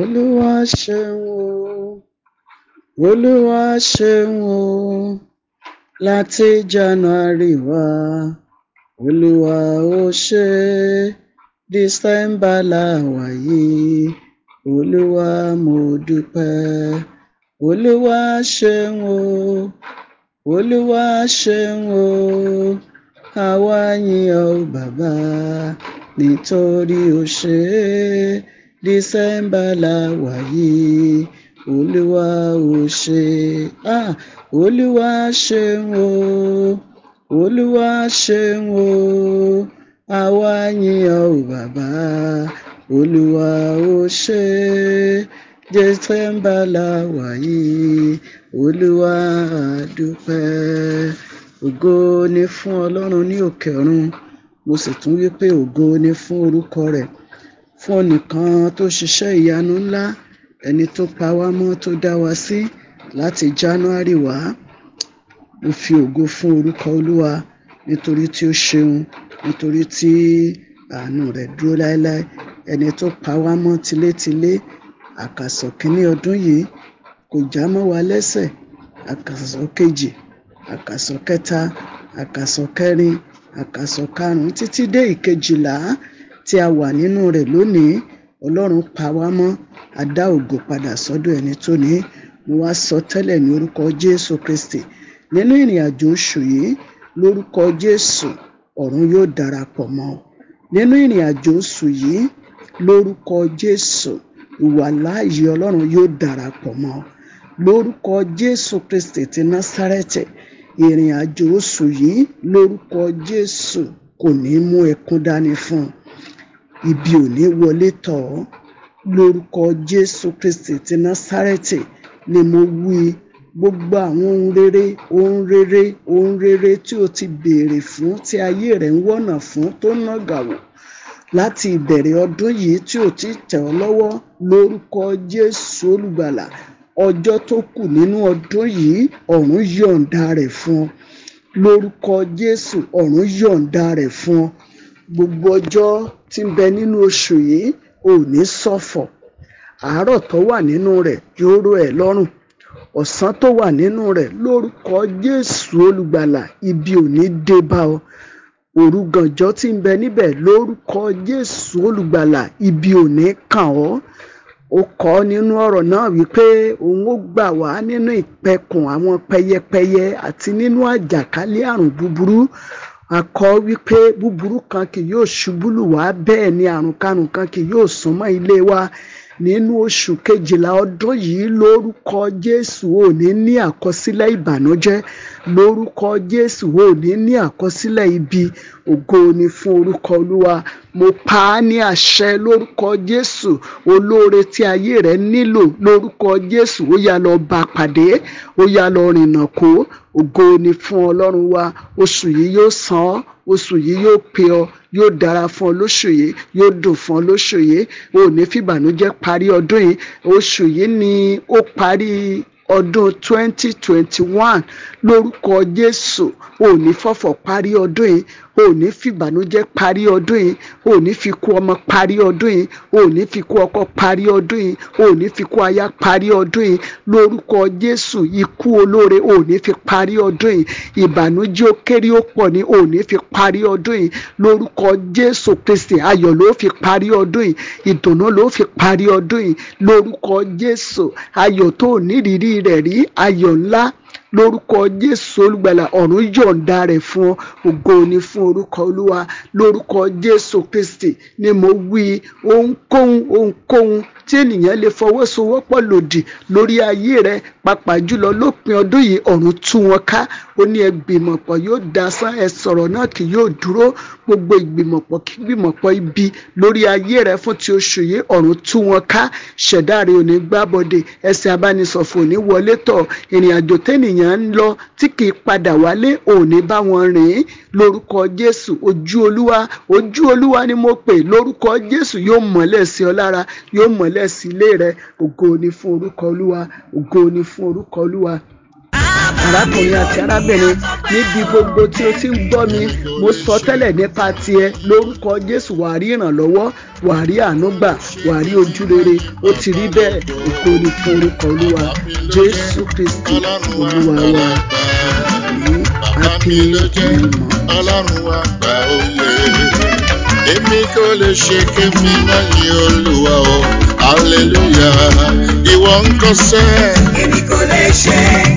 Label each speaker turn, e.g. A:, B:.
A: Olúwa ṣeun o, Olúwa ṣeun láti January wá, Olúwa ó ṣe, December la wà yìí, Olúwa mo dúpẹ́. Olúwa ṣeun o, Olúwa ṣeun o, àwa yìn ọ́ bàbá, nítorí o ṣe é. December la wà yìí olúwa ò ṣe ah olúwa ṣeun o olúwa ṣeun o àwa yìn ọ́ o bàbá olúwa ò ṣe dísẹ́mbà la wà yìí olúwa a dúpẹ́ ògo ni fún ọlọ́run ní òkè ọ̀run mo sì tún wí pé ògo ni fún orúkọ rẹ̀ fún ẹnìkan tó ṣiṣẹ ìyanu ńlá ẹni tó pa wá mọ tó dá wa sí láti january wá mo fi ògo fún orúkọ olúwa nítorí tí ó ṣeun nítorí tí àánú rẹ dúró láéláé ẹni tó pa wá mọ tilétilé àkàsọ kínní ọdún yìí kò já mọ wa lẹsẹ àkàsọ kejì àkàsọ kẹta àkàsọ kẹrin àkàsọ karùnún títí dé ìkejìlá tí a wà nínú rẹ̀ lónìí, Ọlọ́run pa wá mọ́, a ògo padà sọ́dọ̀ ẹni tó ní í. Mo wá sọ tẹ́lẹ̀ ní orúkọ Jésù Kristì. Nínú ìrìnàjò oṣù yìí, lórúkọ Jésù, ọ̀run yóò darapọ̀ mọ́ ọ. Nínú ìrìnàjò oṣù yìí, lórúkọ Jésù, ìwàláàyè Ọlọ́run yóò darapọ̀ mọ́ Lórúkọ Jésù Kristì ti Násárẹ́tì, ìrìnàjò oṣù yìí lórúkọ Jésù kò ní mú ẹkún dání fún ọ. ibi ò ní wọlé tọ̀ ọ́ lórúkọ Jésù Kristi ti Násárẹ́tì ni mo wí gbogbo àwọn ohun rere ohun rere ohun rere tí o ti béèrè fún tí ayé rẹ ń wọ̀nà fún tó nàgàwò láti ìbẹ̀rẹ̀ ọdún yìí tí ò ti tẹ̀ ọ́ lọ́wọ́ lórúkọ Jésù olùgbàlà ọjọ́ tó kù nínú ọdún yìí ọ̀run yọ̀ǹda rẹ̀ fún ọ lórúkọ Jésù ọ̀run yọ̀ǹda rẹ̀ fún ọ gbogbo ọjọ́ tí ń bẹ nínú oṣù yìí ò ní ṣọ̀fọ̀ àárọ̀ tó wà nínú rẹ̀ yóò rọ̀ ẹ́ lọ́rùn ọ̀sán tó wà nínú rẹ̀ lórúkọ Jésù olùgbàlà ibi ò ní dé bá ọ òru gànjọ́ tí ń bẹ níbẹ̀ lórúkọ Jésù olùgbàlà ibi ò ní kàn ọ́ ó kọ nínú ọ̀rọ̀ náà wípé òun ó gbà wá nínú ìpẹ̀kùn àwọn pẹyẹpẹyẹ àti nínú àjàkálẹ̀ àrùn búburú a kọ wípé búburú kan kì yóò ṣubú lù wá bẹ́ẹ̀ ni àrùn karùn kan kì yóò sún mọ́ ilé wa nínú oṣù kejìlá ọdún yìí lórúkọ Jésù ò ní ní àkọsílẹ̀ ìbànújẹ́ lórúkọ Jésù ò ní àkọsílẹ̀ ibi ògo ni fún orúkọ Olúwa mo pa á ní àṣẹ lórúkọ Jésù olóore tí ayé rẹ nílò lórúkọ Jésù ó yá lọ bá pàdé ó yá lọ rìnnà kó ògo ni fún Ọlọ́run wa oṣù yìí yóò san ọ́ oṣù yìí yóò pè ọ yóò dára fún ọ lóṣù yìí yóò dùn fún ọ lóṣù yìí o ò ní fìbànújẹ́ parí ọdún yìí oṣù yìí ni ó parí ọdún 2021 lórúkọ Jésù ò ní fọ̀fọ̀ parí ọdún yìí ò ní fìbànújẹ́ parí ọdún yìí ò ní fi kú ọmọ parí ọdún yìí ò ní fi kú ọkọ parí ọdún yìí ò ní fi kú aya parí ọdún yìí lórúkọ Jésù ikú olóore ò fi parí ọdún yìí ìbànújẹ́ ó kéré ó pọ̀ ní ò fi parí ọdún yìí lórúkọ Jésù Kristi ayọ̀ ló fi parí ọdún yìí ìdùnnú ló fi parí ọdún yìí lórúkọ Jésù ayọ̀ tó nírírí rẹ̀ rí ayọ̀ ńlá lórúkọ jésù olùgbàlà ọ̀run yọ̀ǹda rẹ̀ fún ọ ògo ni fún orúkọ olúwa lórúkọ jésù kristi ni mo wí ohunkóhun ohunkóhun tí ènìyàn lè fọwọ́sowọ́pọ̀ lòdì lórí ayé rẹ pàápàá jùlọ lópin ọdún yìí ọ̀run tú wọn ká ó ní ẹgbìmọ̀pọ̀ yóò dasán ẹ sọ̀rọ̀ náà kì yóò dúró gbogbo ìgbìmọ̀pọ̀ kí gbìmọ̀pọ̀ ibi lórí ayé rẹ fún ti oṣù yìí ọ̀run tú wọn ká ṣẹ̀dá rẹ ò ní gbábọ̀dé ẹsẹ̀ abánisọ̀fọ̀ ò ní wọlé tọ̀ ìrìn àjò tẹ́nìyàn èèyàn ń lọ tí kì í padà wálé òní bá wọn rìn lórúkọ Jésù ojú Olúwa ojú Olúwa ni mo pè lórúkọ Jésù yóò mọ́lẹ̀ sí ọ lára yóò mọ́lẹ̀ sí ilé rẹ ògo ni fún orúkọ Olúwa ògo ni fún orúkọ Olúwa arákùnrin àti arábìnrin níbi gbogbo tí o ti ń gbọ́ mi mo sọ tẹ́lẹ̀ nípa tiẹ̀ lórúkọ Jésù wàá rí ìrànlọ́wọ́ wàá rí àánú wàá rí ojú rere ó ti rí bẹ́ẹ̀ ìkórè fún orúkọ Olúwa Jésù Kristi Olúwa wa ní àpèjì Èmi kò lè ṣe kémi náà ní Olúwa o, hallelujah, ìwọ ń kọ́ sẹ́ẹ̀. Èmi kò lè ṣe